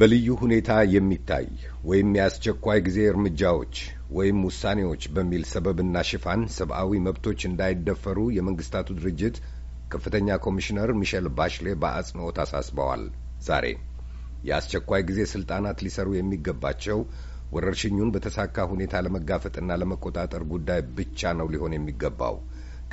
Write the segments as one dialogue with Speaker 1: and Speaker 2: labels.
Speaker 1: በልዩ ሁኔታ የሚታይ ወይም የአስቸኳይ ጊዜ እርምጃዎች ወይም ውሳኔዎች በሚል ሰበብና ሽፋን ሰብአዊ መብቶች እንዳይደፈሩ የመንግስታቱ ድርጅት ከፍተኛ ኮሚሽነር ሚሸል ባሽሌ በአጽንኦት አሳስበዋል። ዛሬ የአስቸኳይ ጊዜ ስልጣናት ሊሰሩ የሚገባቸው ወረርሽኙን በተሳካ ሁኔታ ለመጋፈጥና ለመቆጣጠር ጉዳይ ብቻ ነው ሊሆን የሚገባው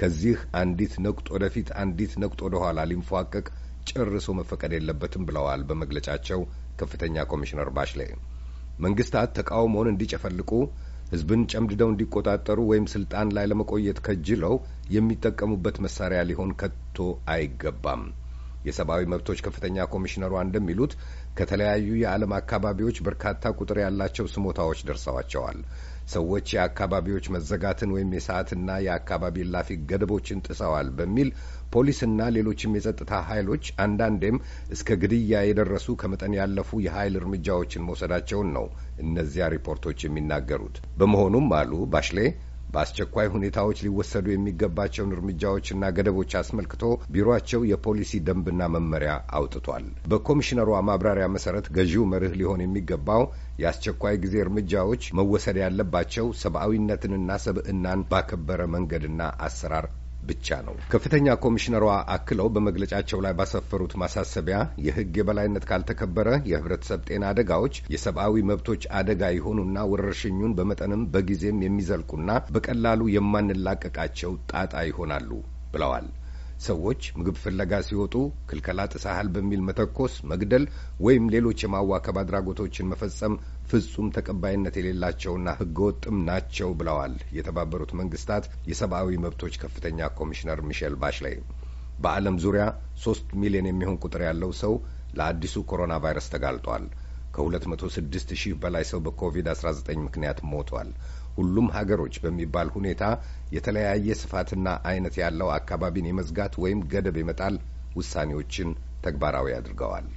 Speaker 1: ከዚህ አንዲት ነቁጥ ወደፊት አንዲት ነቁጥ ወደ ኋላ ሊንፏቀቅ ጨርሶ መፈቀድ የለበትም ብለዋል በመግለጫቸው ከፍተኛ ኮሚሽነር ባሽሌ። መንግስታት ተቃውሞውን እንዲጨፈልቁ ህዝብን ጨምድደው እንዲቆጣጠሩ ወይም ስልጣን ላይ ለመቆየት ከጅለው የሚጠቀሙበት መሳሪያ ሊሆን ከቶ አይገባም። የሰብአዊ መብቶች ከፍተኛ ኮሚሽነሯ እንደሚሉት ከተለያዩ የዓለም አካባቢዎች በርካታ ቁጥር ያላቸው ስሞታዎች ደርሰዋቸዋል። ሰዎች የአካባቢዎች መዘጋትን ወይም የሰዓትና የአካባቢ ላፊ ገደቦችን ጥሰዋል በሚል ፖሊስና ሌሎችም የጸጥታ ኃይሎች አንዳንዴም እስከ ግድያ የደረሱ ከመጠን ያለፉ የኃይል እርምጃዎችን መውሰዳቸውን ነው እነዚያ ሪፖርቶች የሚናገሩት። በመሆኑም አሉ ባሽሌ በአስቸኳይ ሁኔታዎች ሊወሰዱ የሚገባቸውን እርምጃዎችና ገደቦች አስመልክቶ ቢሮአቸው የፖሊሲ ደንብና መመሪያ አውጥቷል። በኮሚሽነሯ ማብራሪያ መሰረት ገዢው መርህ ሊሆን የሚገባው የአስቸኳይ ጊዜ እርምጃዎች መወሰድ ያለባቸው ሰብአዊነትንና ሰብዕናን ባከበረ መንገድና አሰራር ብቻ ነው። ከፍተኛ ኮሚሽነሯ አክለው በመግለጫቸው ላይ ባሰፈሩት ማሳሰቢያ የሕግ የበላይነት ካልተከበረ የህብረተሰብ ጤና አደጋዎች የሰብአዊ መብቶች አደጋ የሆኑና ወረርሽኙን በመጠንም በጊዜም የሚዘልቁና በቀላሉ የማንላቀቃቸው ጣጣ ይሆናሉ ብለዋል። ሰዎች ምግብ ፍለጋ ሲወጡ ክልከላ ጥሰሃል በሚል መተኮስ፣ መግደል ወይም ሌሎች የማዋከብ አድራጎቶችን መፈጸም ፍጹም ተቀባይነት የሌላቸውና ህገወጥም ናቸው ብለዋል የተባበሩት መንግስታት የሰብአዊ መብቶች ከፍተኛ ኮሚሽነር ሚሼል ባሽላይ በዓለም ዙሪያ ሶስት ሚሊዮን የሚሆን ቁጥር ያለው ሰው ለአዲሱ ኮሮና ቫይረስ ተጋልጧል። ከ206 ሺህ በላይ ሰው በኮቪድ-19 ምክንያት ሞቷል። ሁሉም ሀገሮች በሚባል ሁኔታ የተለያየ ስፋትና አይነት ያለው አካባቢን የመዝጋት ወይም ገደብ የመጣል ውሳኔዎችን ተግባራዊ አድርገዋል።